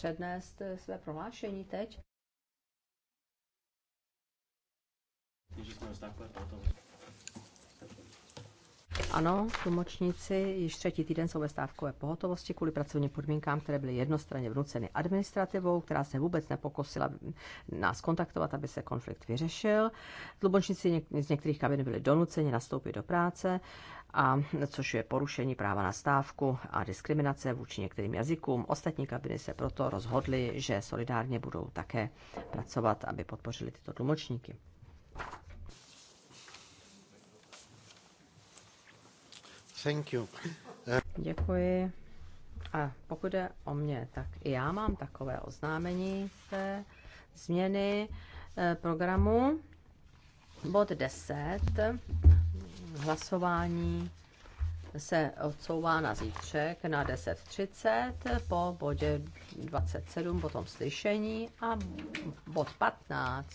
přednést eh, své prohlášení teď? Ano, tlumočníci již třetí týden jsou ve stávkové pohotovosti kvůli pracovním podmínkám, které byly jednostranně vnuceny administrativou, která se vůbec nepokosila nás kontaktovat, aby se konflikt vyřešil. Tlumočníci z některých kabin byli donuceni nastoupit do práce a což je porušení práva na stávku a diskriminace vůči některým jazykům. Ostatní kabiny se proto rozhodly, že solidárně budou také pracovat, aby podpořili tyto tlumočníky. Thank you. Děkuji. A pokud jde o mě, tak i já mám takové oznámení té změny eh, programu. Bod 10 hlasování se odsouvá na zítřek na 10.30 po bodě 27, potom slyšení a bod 15,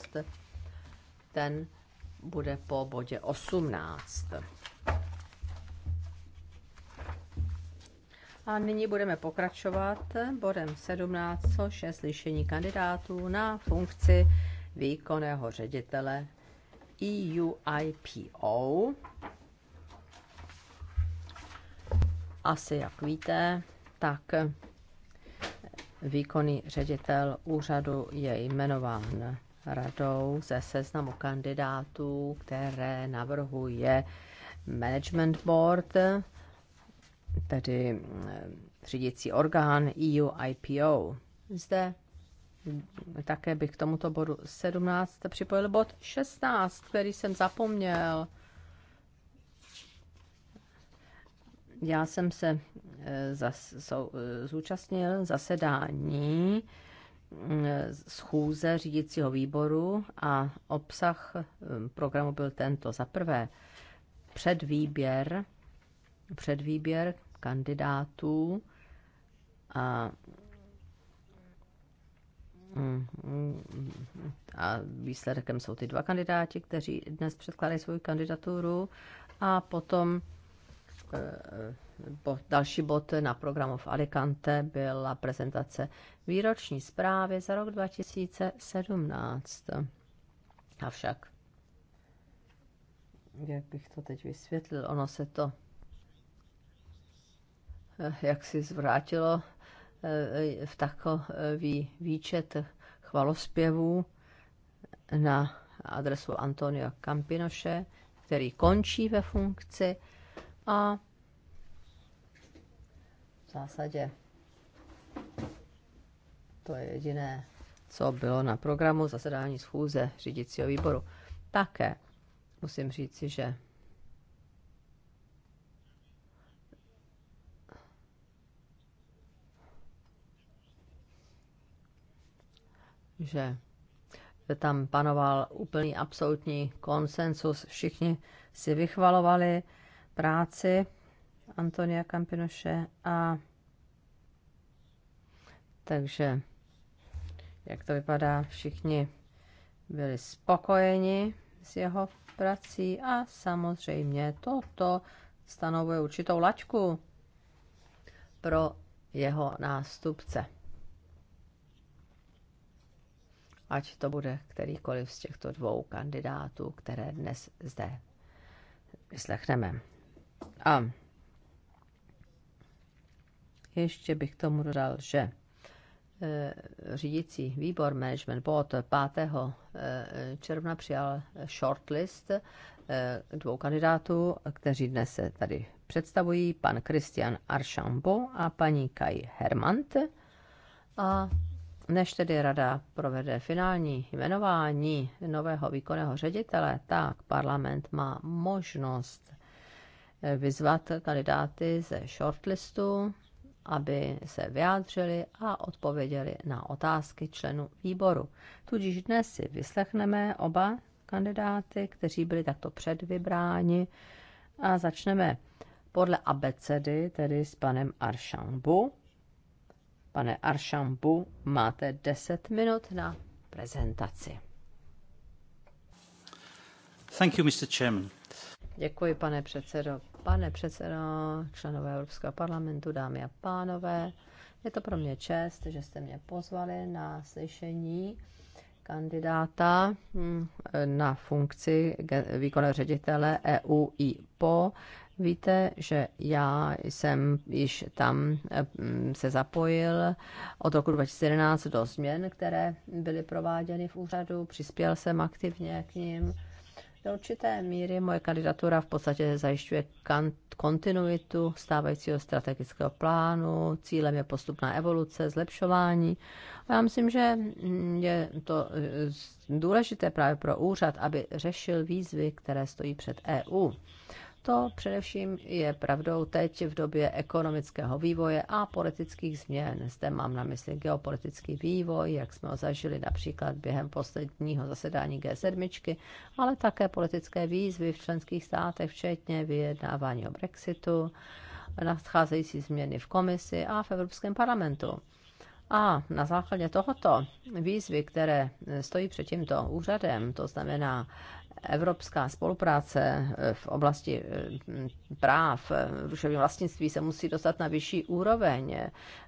ten bude po bodě 18. A nyní budeme pokračovat bodem 17, což je slyšení kandidátů na funkci výkonného ředitele EUIPO, Asi, jak víte, tak výkonný ředitel úřadu je jmenován radou ze seznamu kandidátů, které navrhuje Management Board, tedy eh, řídící orgán EU IPO. Zde také bych k tomuto bodu 17 připojil bod 16, který jsem zapomněl. Já jsem se eh, zas, sou, eh, zúčastnil zasedání eh, schůze řídícího výboru a obsah programu byl tento. Za prvé předvýběr, předvýběr kandidátů a mm, a výsledkem jsou ty dva kandidáti, kteří dnes předkládají svou kandidaturu a potom Eh, eh, bo, další bod na programu v Alicante byla prezentace výroční zprávy za rok 2017. Avšak, jak bych to teď vysvětlil, ono se to eh, jak si zvrátilo v takový výčet chvalospěvů na adresu Antonio Campinoše, který končí ve funkci a v zásadě to je jediné, co bylo na programu zasedání schůze řídicího výboru. Také musím říci, že že tam panoval úplný absolutní konsensus. Všichni si vychvalovali práci Antonia Kampinoše a takže jak to vypadá, všichni byli spokojeni s jeho prací a samozřejmě toto stanovuje určitou laťku pro jeho nástupce. Ať to bude kterýkoliv z těchto dvou kandidátů, které dnes zde vyslechneme. A ještě bych tomu dodal, že e, řídící výbor management board 5. E, června přijal shortlist e, dvou kandidátů, kteří dnes se tady představují, pan Christian Archambo a paní Kai Hermant. A než tedy rada provede finální jmenování nového výkonného ředitele, tak parlament má možnost vyzvat kandidáty ze shortlistu, aby se vyjádřili a odpověděli na otázky členů výboru. Tudíž dnes si vyslechneme oba kandidáty, kteří byli takto předvybráni a začneme podle abecedy, tedy s panem Aršambu. Pane Aršambu, máte 10 minut na prezentaci. Thank you, Mr. Chairman. Děkuji, pane předsedo. Pane předsedo, členové Evropského parlamentu, dámy a pánové, je to pro mě čest, že jste mě pozvali na slyšení kandidáta hm, na funkci výkonného ředitele EU IPO. Víte, že já jsem již tam hm, se zapojil od roku 2011 do změn, které byly prováděny v úřadu, přispěl jsem aktivně k ním do určité míry moje kandidatura v podstatě zajišťuje kontinuitu stávajícího strategického plánu, cílem je postupná evoluce, zlepšování. A já myslím, že je to eh, důležité právě pro úřad, aby řešil výzvy, které stojí před EU. To především je pravdou teď v době ekonomického vývoje a politických změn. Zde mám na mysli geopolitický vývoj, jak jsme ho zažili například během posledního zasedání G7, ale také politické výzvy v členských státech, včetně vyjednávání o Brexitu, nadcházející změny v komisi a v Evropském parlamentu. A na základě tohoto výzvy, které stojí před tímto úřadem, to znamená evropská spolupráce eh, v oblasti eh, práv eh, duševního vlastnictví se musí dostat na vyšší úroveň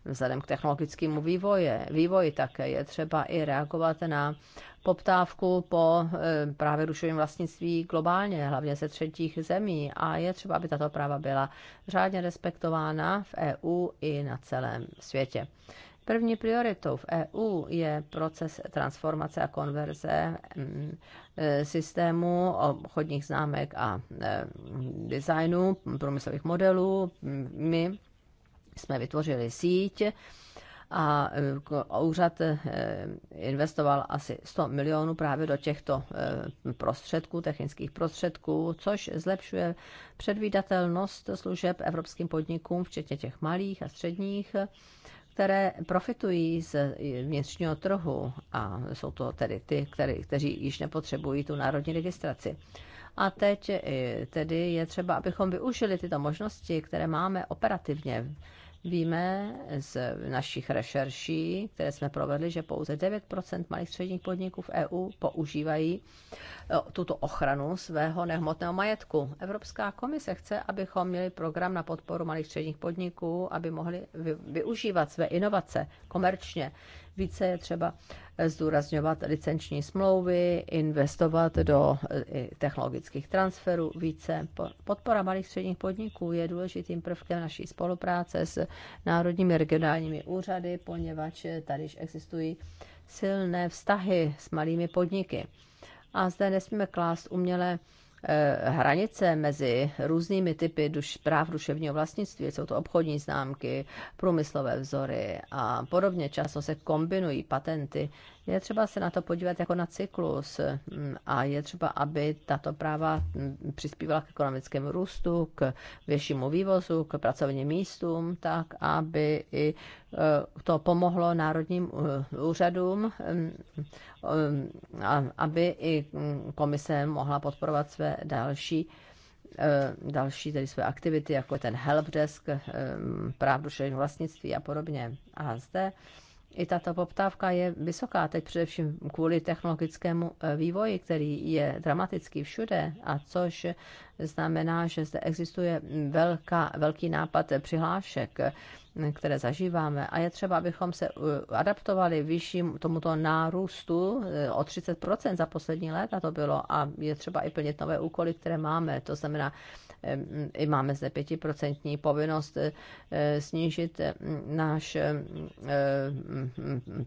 vzhledem k technologickému vývoje, vývoji, tak je třeba i reagovat na poptávku po právě duševním vlastnictví globálně, hlavně ze třetích zemí a je třeba, aby tato práva byla řádně respektována v EU i na celém světě. První prioritou v EU je proces transformace a konverze mm, e, systému obchodních známek a e, designu průmyslových modelů. My jsme vytvořili síť a e, úřad investoval asi 100 milionů právě do těchto prostředků, technických prostředků, což zlepšuje předvídatelnost služeb evropským podnikům, včetně těch malých a středních které profitují z vnitřního trhu a jsou to tedy ty, které, kteří již nepotřebují tu národní registraci. A teď tedy je třeba, abychom využili tyto možnosti, které máme operativně Víme z našich rešerší, které jsme provedli, že pouze 9% malých středních podniků v EU používají eh, tuto ochranu svého nehmotného majetku. Evropská komise chce, abychom měli program na podporu malých středních podniků, aby mohli využívat své inovace komerčně. Více je třeba eh, zdůrazňovat licenční smlouvy, investovat do eh, technologických transferů více. Podpora malých středních podniků je důležitým prvkem naší spolupráce s národními regionálními úřady, poněvadž eh, tady již existují silné vztahy s malými podniky. A zde nesmíme klást umělé Eh, hranice mezi různými typy duš, práv duševního vlastnictví, jsou to obchodní známky, průmyslové vzory a podobně. Často se kombinují patenty je třeba se na to podívat jako na cyklus mm, a je třeba, aby tato práva mm, přispívala k ekonomickému růstu, k většímu vývozu, k pracovním místům, tak aby i e, to pomohlo národním e, úřadům, mm, e, aby i komise mohla podporovat své další další tedy své aktivity, jako ten helpdesk, práv duševního vlastnictví a podobně. A zde i tato poptávka je vysoká teď především kvůli technologickému e, vývoji, který je dramatický všude, a což znamená, že zde existuje velká, velký nápad přihlášek, e, které zažíváme. A je třeba, abychom se e, adaptovali vyšším tomuto nárůstu o 30% za poslední léta to bylo a je třeba i plnit nové úkoly, které máme. To znamená, i máme zde pětiprocentní povinnost eh, snížit eh, náš eh,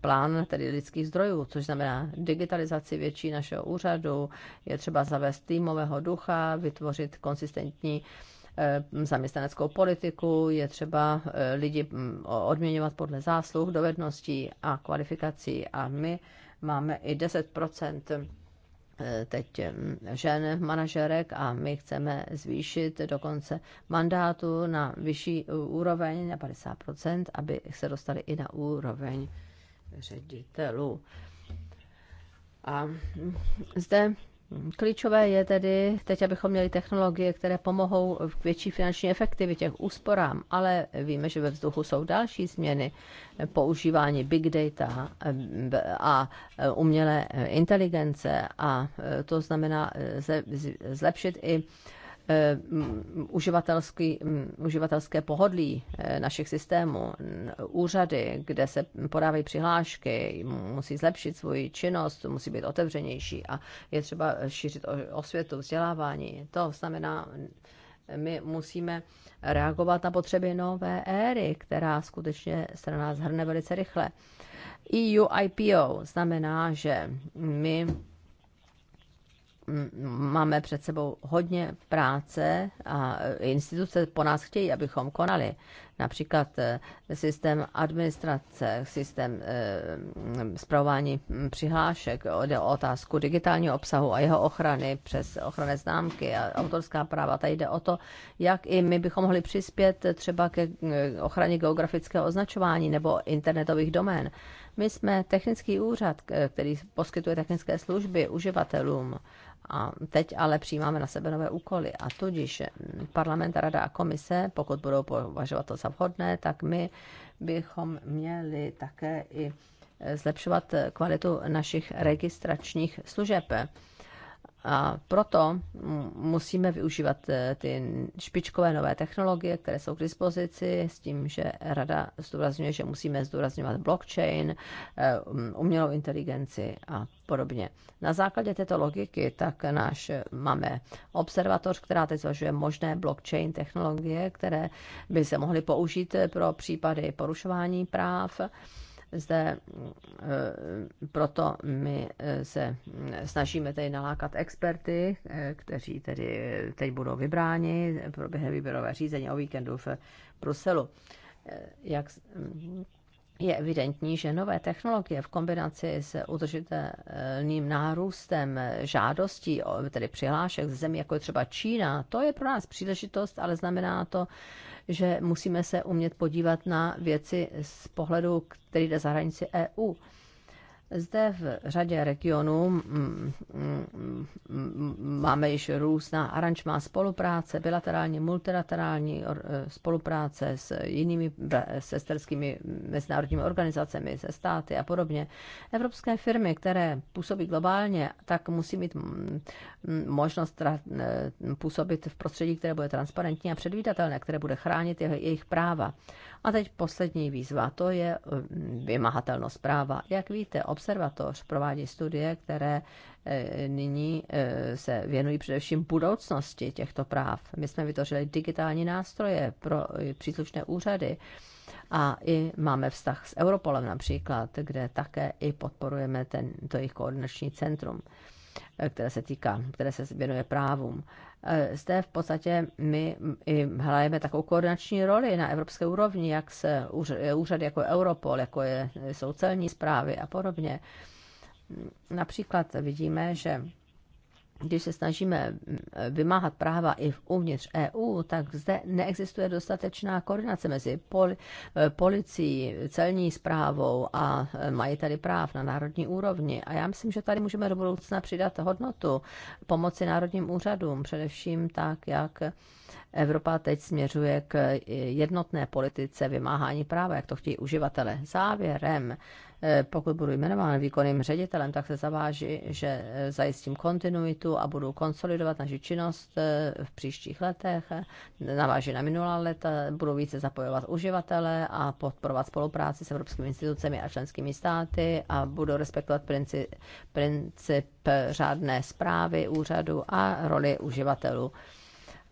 plán, tedy lidských zdrojů, což znamená digitalizaci větší našeho úřadu, je třeba zavést týmového ducha, vytvořit konsistentní zaměstnaneckou politiku, je třeba lidi mm, odměňovat podle zásluh, dovedností a kvalifikací a my máme i 10 Eh, teď eh, žen manažerek a my chceme zvýšit dokonce mandátu na vyšší eh, úroveň, na 50%, aby se dostali i na úroveň ředitelů. A zde Klíčové je tedy teď, abychom měli technologie, které pomohou k větší finanční efektivitě, k úsporám, ale víme, že ve vzduchu jsou další změny používání big data eh, a eh, umělé inteligence a eh, to znamená zlepšit i Eh, uživatelský, mm, uživatelské pohodlí eh, našich systémů, úřady, kde se podávají přihlášky, musí zlepšit svoji činnost, musí být otevřenější a je třeba šířit osvětu, vzdělávání. To znamená, my musíme reagovat na potřeby nové éry, která skutečně se na nás hrne velice rychle. EU IPO znamená, že my máme před sebou hodně práce a instituce po nás chtějí, abychom konali. Například e, systém administrace, systém zpravování e, přihlášek, jde o otázku digitálního obsahu a jeho ochrany přes ochranné známky a autorská práva. Tady jde o to, jak i my bychom mohli přispět třeba ke e, ochraně geografického označování nebo internetových domén. My jsme technický úřad, který poskytuje technické služby uživatelům a teď ale přijímáme na sebe nové úkoly. A tudíž mm, parlament, rada a komise, pokud budou považovat to za vhodné, tak my bychom měli také i e, zlepšovat kvalitu našich registračních služeb. A proto musíme využívat eh, ty špičkové nové technologie, které jsou k dispozici, s tím, že rada zdůrazňuje, že musíme zdůrazňovat blockchain, eh, um, umělou inteligenci a podobně. Na základě této logiky tak náš eh, máme observatoř, která teď zvažuje možné blockchain technologie, které by se mohly použít pro případy porušování práv zde eh, proto my eh, se eh, snažíme tady nalákat experty, kteří tedy teď budou vybráni, proběhne výběrové řízení o víkendu v Bruselu. Jak je evidentní, že nové technologie v kombinaci s udržitelným nárůstem žádostí, tedy přihlášek z zemí, jako je třeba Čína, to je pro nás příležitost, ale znamená to, že musíme se umět podívat na věci z pohledu, který jde za hranici EU. Zde v řadě regionů máme již různá aranžmá spolupráce, bilaterální, multilaterální e, spolupráce s jinými sesterskými mezinárodními organizacemi, se státy a podobně. Evropské firmy, které působí globálně, tak musí mít možnost e, působit v prostředí, které bude transparentní a předvídatelné, které bude chránit jejich práva. A teď poslední výzva, to je mm, vymahatelnost práva. Jak víte, observatoř provádí studie, které e, nyní e, se věnují především budoucnosti těchto práv. My jsme vytvořili digitální nástroje pro e, příslušné úřady a i máme vztah s Europolem například, kde také i podporujeme ten, to jejich koordinační centrum které se týká, které se věnuje právům. Eh, zde v podstatě my i hrajeme takovou koordinační roli na evropské úrovni, jak se úřady jako Europol, jako je, jsou celní zprávy a podobně. Například vidíme, že když se snažíme vymáhat práva i uvnitř EU, tak zde neexistuje dostatečná koordinace mezi poli, e, policií, celní zprávou a e, mají tady práv na národní úrovni. A já myslím, že tady můžeme do budoucna přidat hodnotu pomoci národním úřadům, především tak, jak Evropa teď směřuje k jednotné politice vymáhání práva, jak to chtějí uživatele. Závěrem, eh, pokud budu jmenován výkonným ředitelem, tak se zaváží, že eh, zajistím kontinuitu a budu konsolidovat naši činnost eh, v příštích letech, naváží na minulá leta, budu více zapojovat uživatele a podporovat spolupráci s evropskými institucemi a členskými státy a budu respektovat princip, princip řádné zprávy úřadu a roli uživatelů.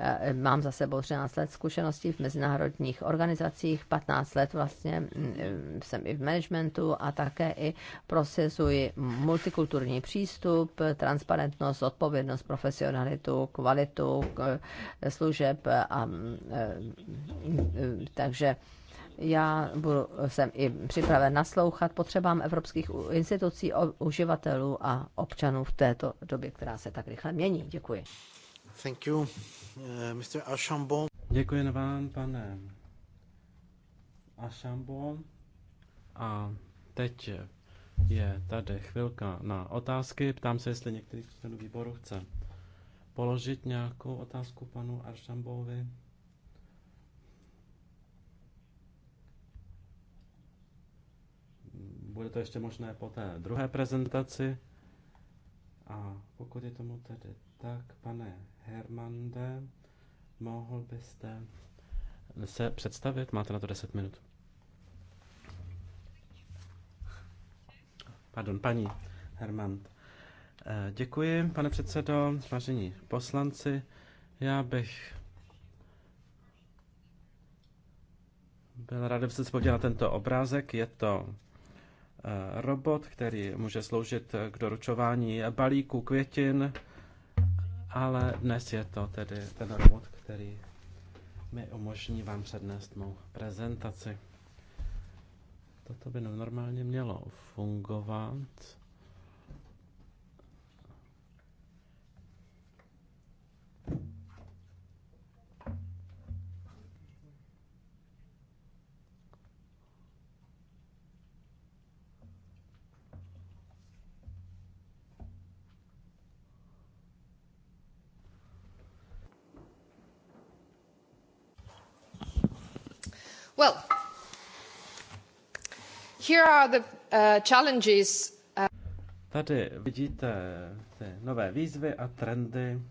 Eh, mám za sebou 13 let zkušeností v mezinárodních organizacích, 15 let vlastně mm, eh, jsem i v managementu a také i prosazuji multikulturní přístup, transparentnost, odpovědnost, profesionalitu, kvalitu eh, služeb a mm, takže já budu, jsem i připraven naslouchat potřebám evropských institucí, uživatelů a občanů v této době, která se tak rychle mění. Děkuji. Thank you, uh, Mr. Archambault. Děkuji vám, pane Archambault. A teď je tady chvilka na otázky. Ptám se, jestli některý z členů výboru chce položit nějakou otázku panu Aršambovi. Bude to ještě možné po té druhé prezentaci. A pokud je tomu tedy tak, pane Hermande, mohl byste se představit? Máte na to 10 minut. Pardon, paní Hermand. Eh, děkuji, pane předsedo, vážení poslanci. Já bych byl rád, abyste se podíval na tento obrázek. Je to eh, robot, který může sloužit k doručování balíků, květin, ale dnes je to tedy ten robot, který mi umožní vám přednést mou prezentaci. Toto by normálně mělo fungovat. Well, here are the uh, challenges. Uh... Tady vidíte ty nové výzvy a trendy,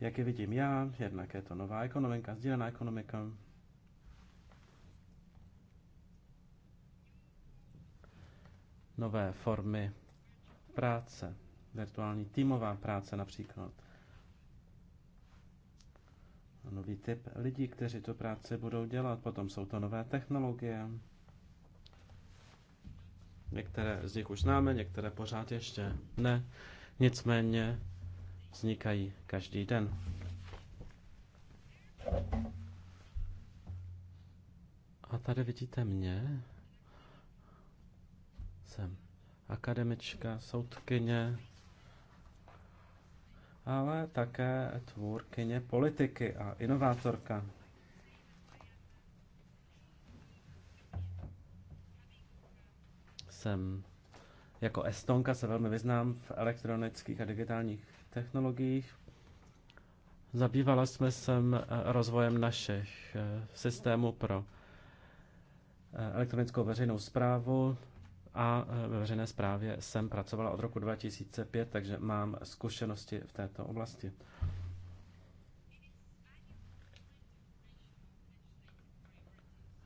jak je vidím já. Jednak je to nová ekonomika, sdílená ekonomika. Nové formy práce, virtuální týmová práce například nový typ lidí, kteří tu práci budou dělat. Potom jsou to nové technologie. Některé z nich už známe, některé pořád ještě ne. Nicméně vznikají každý den. A tady vidíte mě. Jsem akademička, soudkyně, ale také tvůrkyně politiky a inovátorka. Jsem jako Estonka se velmi vyznám v elektronických a digitálních technologiích. Zabývala jsme se rozvojem našich eh, systémů pro eh, elektronickou veřejnou zprávu a e, ve veřejné správě jsem pracovala od roku 2005, takže mám zkušenosti v této oblasti.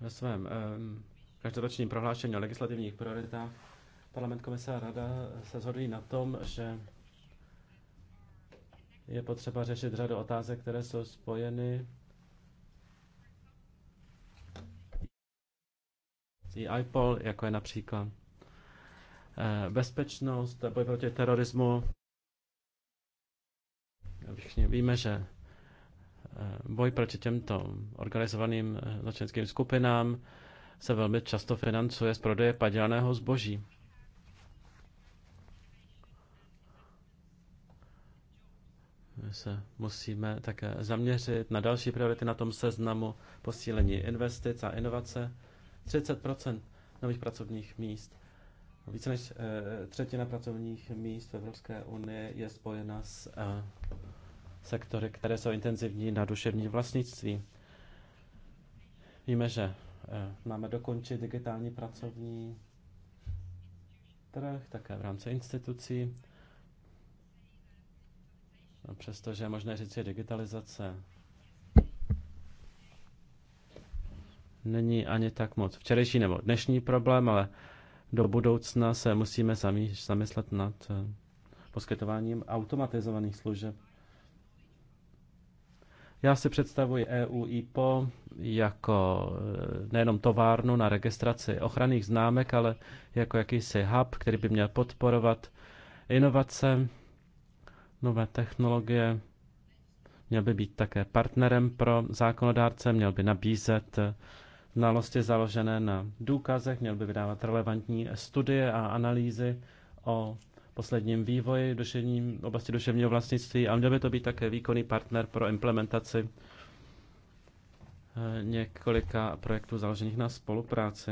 Ve svém e, každoročním prohlášení o legislativních prioritách parlament, komise a rada se shodují na tom, že je potřeba řešit řadu otázek, které jsou spojeny i IPOL, jako je například Eh, bezpečnost, boj proti terorismu. Všichni víme, že eh, boj proti těmto organizovaným eh, zločinským skupinám se velmi často financuje z prodeje padělaného zboží. My se musíme také zaměřit na další priority na tom seznamu posílení investic a inovace. 30 nových pracovních míst více než eh, třetina pracovních míst v Evropské unii je spojena s eh, sektory, které jsou intenzivní na duševní vlastnictví. Víme, že eh, máme dokončit digitální pracovní trh, také v rámci institucí. A přestože je možné říct, že digitalizace není ani tak moc včerejší nebo dnešní problém, ale do budoucna se musíme zamyslet nad eh, poskytováním automatizovaných služeb. Já si představuji EU IPO jako eh, nejenom továrnu na registraci ochranných známek, ale jako jakýsi hub, který by měl podporovat inovace, nové technologie, měl by být také partnerem pro zákonodárce, měl by nabízet eh, znalosti založené na důkazech, měl by vydávat relevantní studie a analýzy o posledním vývoji v oblasti duševního vlastnictví a měl by to být také výkonný partner pro implementaci eh, několika projektů založených na spolupráci.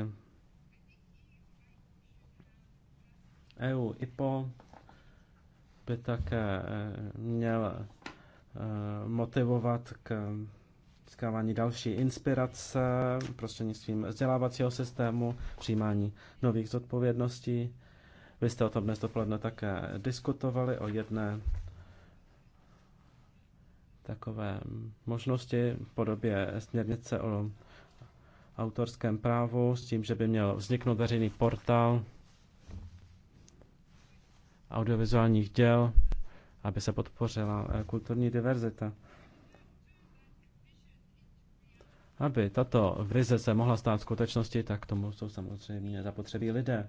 EU IPO by také eh, měl eh, motivovat k získávání další inspirace prostřednictvím vzdělávacího systému, přijímání nových zodpovědností. Vy jste o tom dnes dopoledne také diskutovali o jedné takové možnosti v podobě směrnice o autorském právu s tím, že by měl vzniknout veřejný portál audiovizuálních děl, aby se podpořila kulturní diverzita. Aby tato vize se mohla stát skutečností, tak tomu jsou samozřejmě zapotřebí lidé.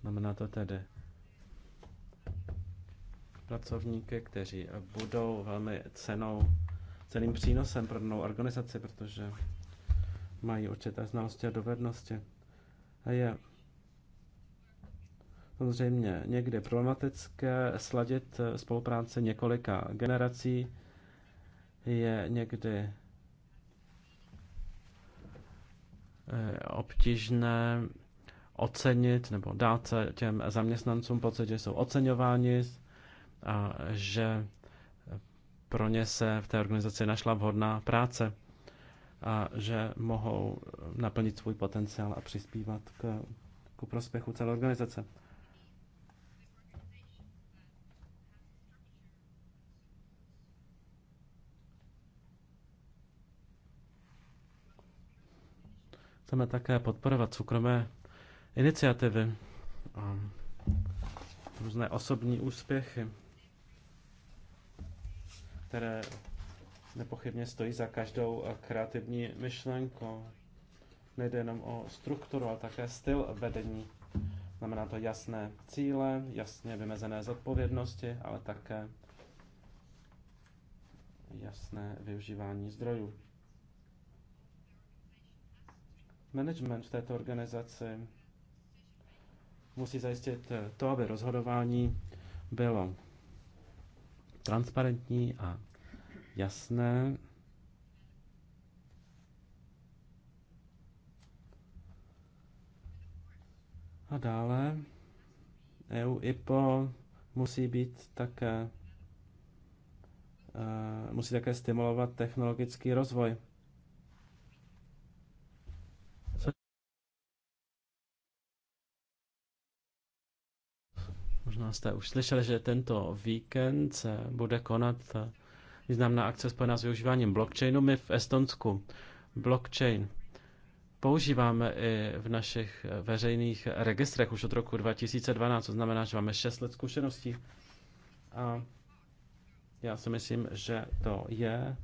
Znamená to tedy pracovníky, kteří budou velmi cenou, ceným přínosem pro danou organizaci, protože mají určité znalosti a dovednosti. A je samozřejmě někdy problematické sladit eh, spolupráce několika generací, je někdy eh, obtížné ocenit nebo dát těm zaměstnancům pocit, že jsou oceňováni a že pro ně se v té organizaci našla vhodná práce a že mohou naplnit svůj potenciál a přispívat k, k prospěchu celé organizace. Chceme také podporovat soukromé iniciativy a různé osobní úspěchy, které nepochybně stojí za každou kreativní myšlenkou. Nejde jenom o strukturu, ale také styl vedení. Znamená to jasné cíle, jasně vymezené zodpovědnosti, ale také jasné využívání zdrojů. Management v této organizaci musí zajistit to, aby rozhodování bylo transparentní a jasné. A dále EU IPO musí být také eh, musí také stimulovat technologický rozvoj. Možná jste už slyšeli, že tento víkend se bude konat významná akce spojená s využíváním blockchainu. My v Estonsku blockchain používáme i v našich veřejných registrech už od roku 2012, to znamená, že máme 6 let zkušeností. A já si myslím, že to je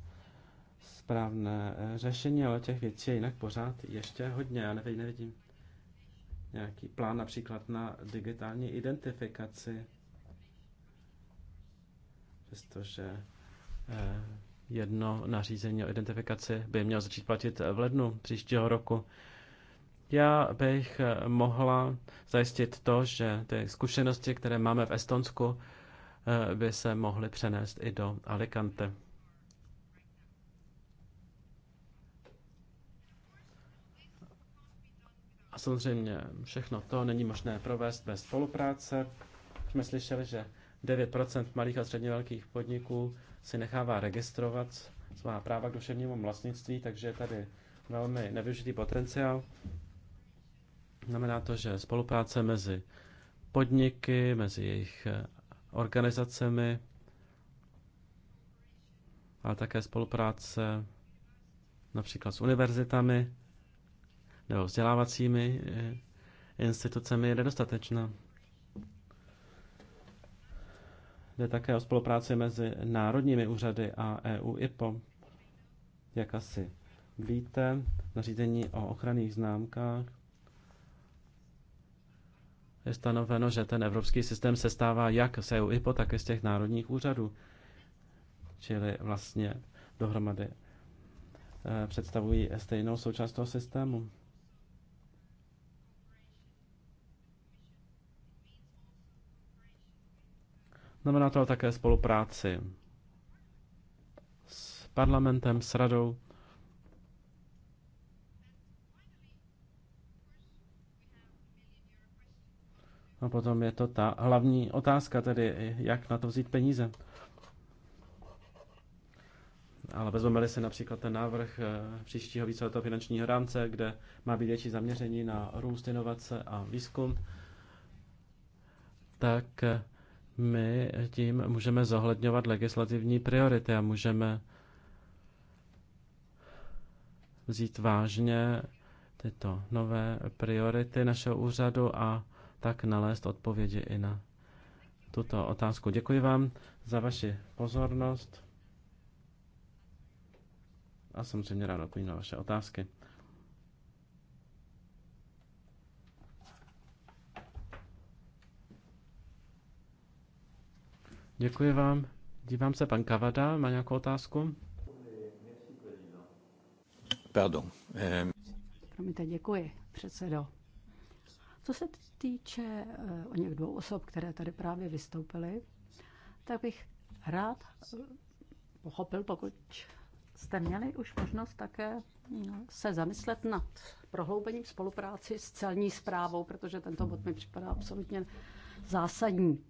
správné řešení, ale těch věcí je jinak pořád ještě hodně, já nevím, nevidím nějaký plán například na digitální identifikaci, přestože eh, jedno nařízení o identifikaci by mělo začít platit v lednu příštího roku. Já bych eh, mohla zajistit to, že ty zkušenosti, které máme v Estonsku, eh, by se mohly přenést i do Alicante. A samozřejmě všechno to není možné provést bez spolupráce. Jsme slyšeli, že 9% malých a středně velkých podniků si nechává registrovat svá práva k duševnímu vlastnictví, takže je tady velmi nevyužitý potenciál. Znamená to, že spolupráce mezi podniky, mezi jejich eh, organizacemi, ale také spolupráce například s univerzitami, nebo vzdělávacími eh, institucemi je nedostatečná. Jde také o spolupráci mezi národními úřady a EU IPO. Jak asi víte, nařízení o ochranných známkách je stanoveno, že ten evropský systém se stává jak z EU IPO, tak i z těch národních úřadů. Čili vlastně dohromady eh, představují stejnou součást toho systému. Znamená to také spolupráci s parlamentem, s radou. A potom je to ta hlavní otázka, tedy jak na to vzít peníze. Ale vezmeme si například ten návrh eh, příštího víceletého finančního rámce, kde má být větší zaměření na růst, inovace a výzkum, tak eh, my tím můžeme zohledňovat legislativní priority a můžeme vzít vážně tyto nové priority našeho úřadu a tak nalézt odpovědi i na tuto otázku. Děkuji vám za vaši pozornost a samozřejmě rád odpovím na vaše otázky. Děkuji vám. Dívám se, pan Kavada má nějakou otázku? Pardon. Eh, Promiňte, děkuji, předsedo. Co se týče eh, o něch dvou osob, které tady právě vystoupily, tak bych rád eh, pochopil, pokud jste měli už možnost také se zamyslet nad prohloubením spolupráci s celní zprávou, protože tento bod mi připadá absolutně zásadní.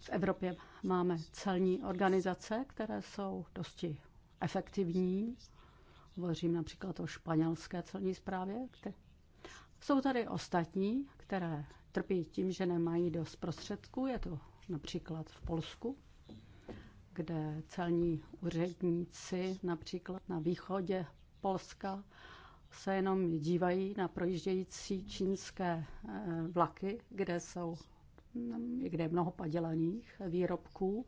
V Evropě máme celní organizace, které jsou dosti efektivní. Hovořím například o španělské celní správě. Jsou tady ostatní, které trpí tím, že nemají dost prostředků. Je to například v Polsku, kde celní úředníci například na východě Polska se jenom dívají na projíždějící čínské eh, vlaky, kde jsou Mm, kde je mnoho padělaných výrobků.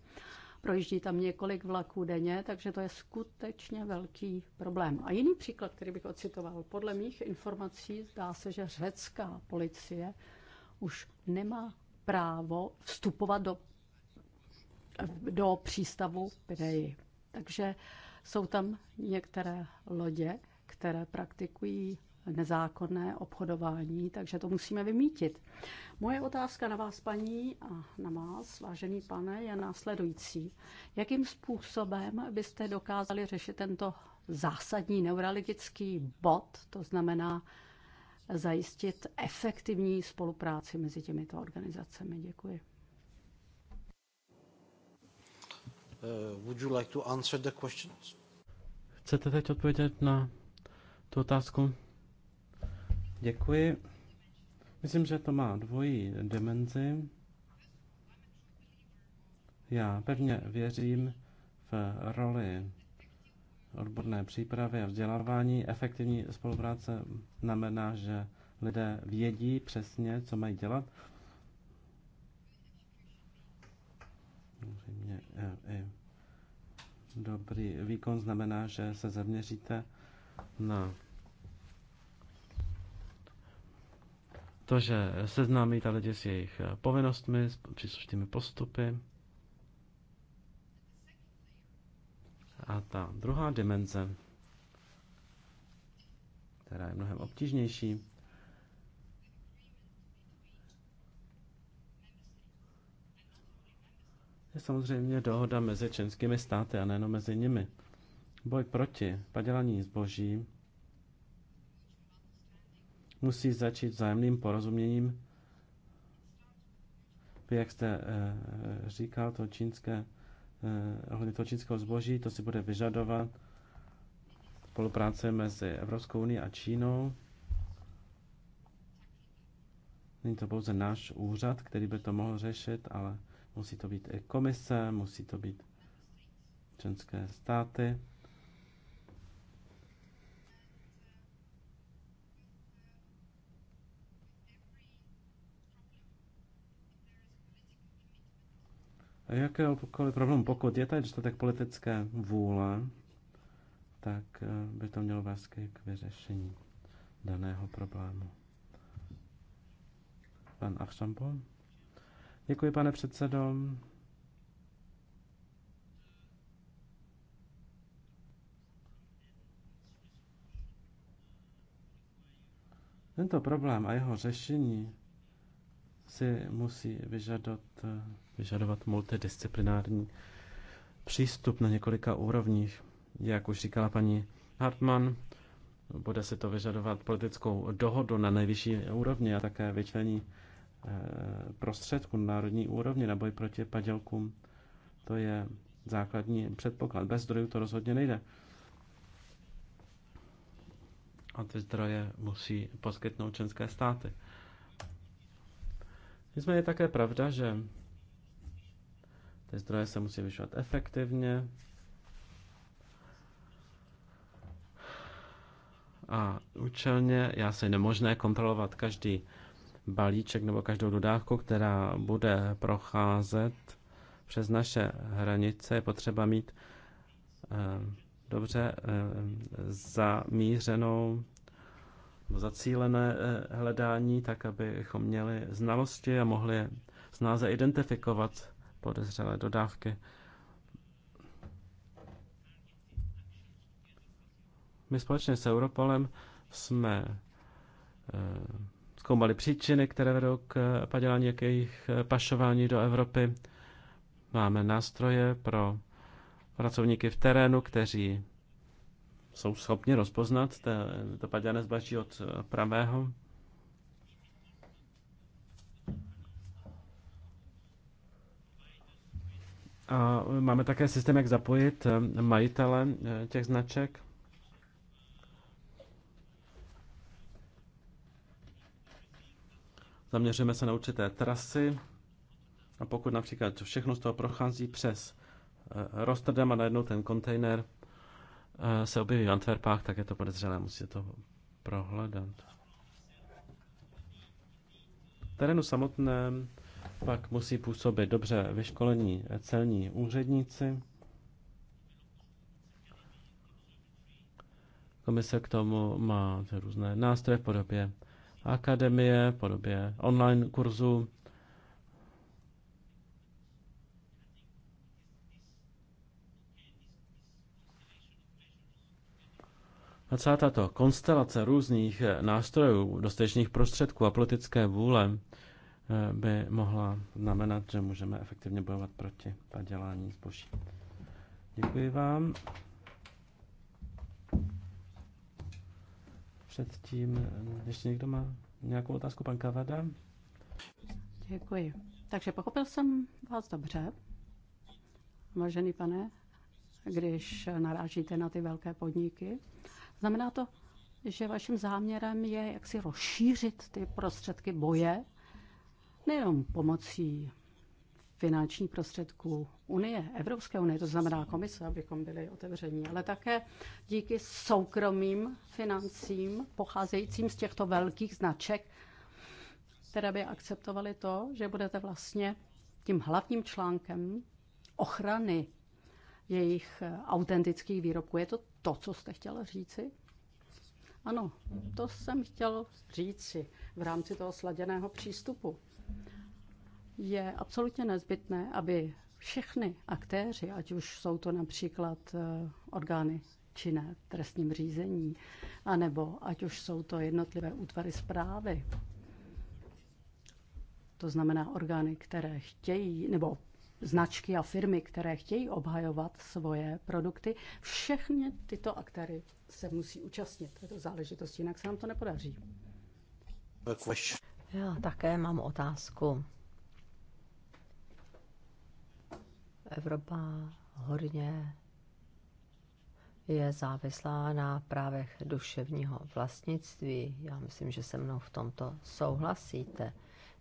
Projíždí tam několik vlaků denně, takže to je skutečně velký problém. A jiný příklad, který bych ocitoval, podle mých informací zdá se, že řecká policie už nemá právo vstupovat do, do přístavu Pireji. Takže jsou tam některé lodě, které praktikují nezákonné obchodování, takže to musíme vymítit. Moje otázka na vás, paní, a na vás, vážený pane, je následující. Jakým způsobem byste dokázali řešit tento zásadní neuralgický bod, to znamená zajistit efektivní spolupráci mezi těmito organizacemi? Děkuji. Uh, would you like to answer the questions? Chcete teď odpovědět na tu otázku? Děkuji. Myslím, že to má dvojí dimenzi. Já pevně věřím v roli odborné přípravy a vzdělávání. Efektivní spolupráce znamená, že lidé vědí přesně, co mají dělat. E, dobrý výkon znamená, že se zaměříte na to, že seznámí ta lidi s jejich eh, povinnostmi, s příslušnými postupy. A ta druhá dimenze, která je mnohem obtížnější, je samozřejmě dohoda mezi členskými státy a nejenom mezi nimi. Boj proti padělání zboží musí začít vzájemným porozuměním. Vy, jak jste eh, říkal, to čínské, eh, ohledně toho čínského zboží, to si bude vyžadovat spolupráce mezi Evropskou unii a Čínou. Není to pouze náš úřad, který by to mohl řešit, ale musí to být i komise, musí to být členské státy. jakékoliv problém pokud je tady dostatek politické vůle, tak eh, by to mělo vás k vyřešení daného problému. Pan Avšampo. Děkuji, pane předsedo. Tento problém a jeho řešení si musí vyžadat eh, vyžadovat multidisciplinární přístup na několika úrovních. Jak už říkala paní Hartmann, bude si to vyžadovat politickou dohodu na nejvyšší úrovni a také vyčlení eh, prostředků na národní úrovni na boj proti padělkům. To je základní předpoklad. Bez zdrojů to rozhodně nejde. A ty zdroje musí poskytnout členské státy. Nicméně je také pravda, že ty zdroje se musí vyšovat efektivně. A účelně já se nemožné kontrolovat každý balíček nebo každou dodávku, která bude procházet přes naše hranice. Je potřeba mít eh, dobře eh, zamířenou zacílené eh, hledání, tak abychom měli znalosti a mohli snáze identifikovat podezřelé dodávky. My společně s Europolem jsme eh, zkoumali příčiny, které vedou k eh, padělání jakých eh, pašování do Evropy. Máme nástroje pro pracovníky v terénu, kteří jsou schopni rozpoznat to padělané zbaží od pravého. A máme také systém, jak zapojit eh, majitele eh, těch značek. Zaměříme se na určité trasy a pokud například všechno z toho prochází přes eh, Rotterdam a najednou ten kontejner se objeví v Antwerpách, tak je to podezřelé, musíte to prohledat. V terénu samotném pak musí působit dobře vyškolení celní úředníci. Komise k tomu má různé nástroje v podobě akademie, v podobě online kurzu. A celá tato konstelace různých nástrojů, dostatečných prostředků a politické vůle Eh, by mohla znamenat, že můžeme efektivně bojovat proti padělání zboží. Děkuji vám. Předtím, eh, ještě někdo má nějakou otázku, pan Kavada? Děkuji. Takže pochopil jsem vás dobře, vážený pane, když narážíte na ty velké podniky. Znamená to, že vaším záměrem je jaksi rozšířit ty prostředky boje nejenom pomocí finanční prostředků Unie, Evropské unie, to znamená komise, abychom byli otevření, ale také díky soukromým financím pocházejícím z těchto velkých značek, které by akceptovaly to, že budete vlastně tím hlavním článkem ochrany jejich autentických výrobků. Je to to, co jste chtěla říci? Ano, to jsem chtěl říci v rámci toho sladěného přístupu. Je absolutně nezbytné, aby všechny aktéři, ať už jsou to například eh, orgány činné v trestním řízení, anebo ať už jsou to jednotlivé útvary zprávy, to znamená orgány, které chtějí nebo značky a firmy, které chtějí obhajovat svoje produkty, všechny tyto aktéry se musí účastnit této záležitosti, jinak se nám to nepodaří. Já také mám otázku. Evropa hodně je závislá na právech duševního vlastnictví. Já myslím, že se mnou v tomto souhlasíte.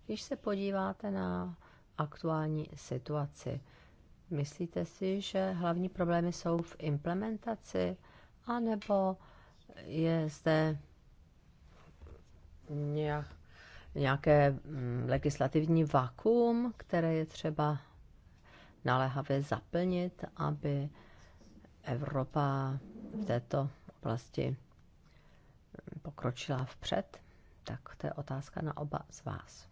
Když se podíváte na aktuální situaci. Myslíte si, že hlavní problémy jsou v implementaci, anebo je zde nějaké mm, legislativní vakuum, které je třeba naléhavě zaplnit, aby Evropa v této oblasti mm, pokročila vpřed? Tak to je otázka na oba z vás.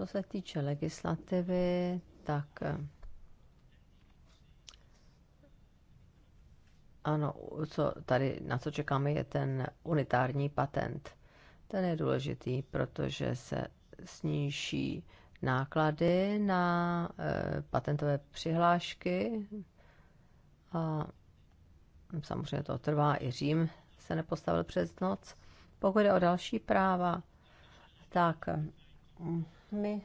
Co se týče legislativy, tak eh, ano, co tady, na co čekáme, je ten unitární patent. Ten je důležitý, protože se sníží náklady na eh, patentové přihlášky a samozřejmě to trvá i Řím se nepostavil přes noc. Pokud je o další práva, tak mm, my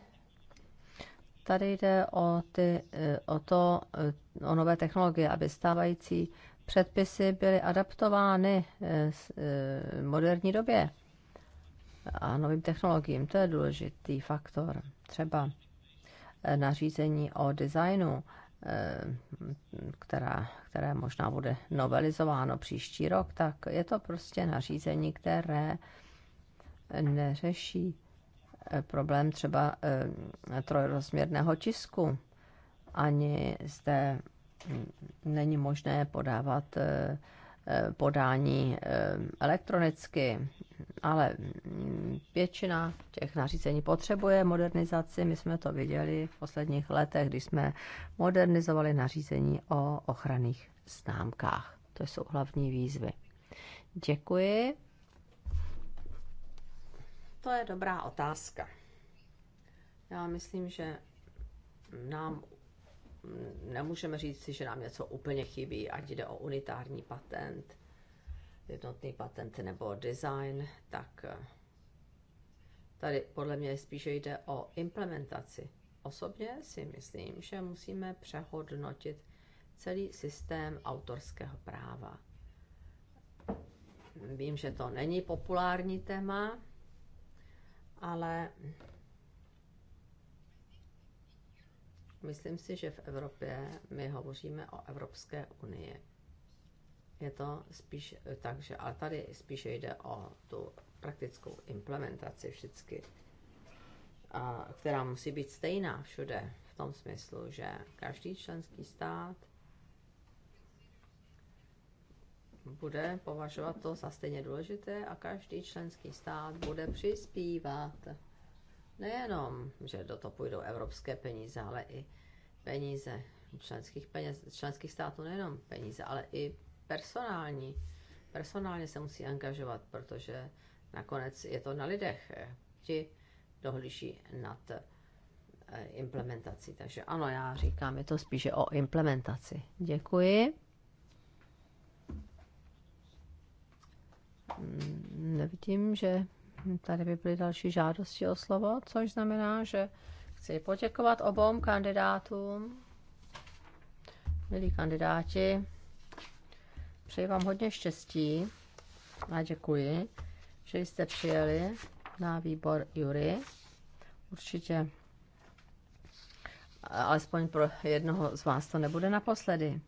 tady jde o, ty, eh, o to, eh, o nové technologie, aby stávající předpisy byly adaptovány v eh, moderní době a novým technologiím. To je důležitý faktor. Třeba nařízení o designu, která, které možná bude novelizováno příští rok, tak je to prostě nařízení, které neřeší Eh, problém třeba eh, trojrozměrného tisku. Ani zde není možné podávat eh, podání elektronicky, ale mm, většina těch nařízení potřebuje modernizaci. My jsme to viděli v posledních letech, když jsme modernizovali nařízení o ochranných známkách. To jsou hlavní výzvy. Děkuji. To je dobrá otázka. Já myslím, že nám nemůžeme říct si, že nám něco úplně chybí, ať jde o unitární patent, jednotný patent nebo design, tak eh, tady podle mě spíše jde o implementaci. Osobně si myslím, že musíme přehodnotit celý systém autorského práva. Vím, že to není populární téma, ale myslím si, že v Evropě my hovoříme o Evropské unii. Je to spíš tak, že, ale tady spíše jde o tu praktickou implementaci vždycky, a, která musí být stejná všude, v tom smyslu, že každý členský stát bude považovat to za stejně důležité a každý členský stát bude přispívat. Nejenom, že do toho půjdou evropské peníze, ale i peníze členských, peněz, členských států, nejenom peníze, ale i personální. Personálně se musí angažovat, protože nakonec je to na lidech. Ti dohlíží nad eh, implementací. Takže ano, já říkám, je to spíše o implementaci. Děkuji. nevidím, že tady by byly další žádosti o slovo, což znamená, že chci poděkovat obou kandidátům. Milí kandidáti, přeji vám hodně štěstí a děkuji, že jste přijeli na výbor Jury. Určitě alespoň pro jednoho z vás to nebude naposledy.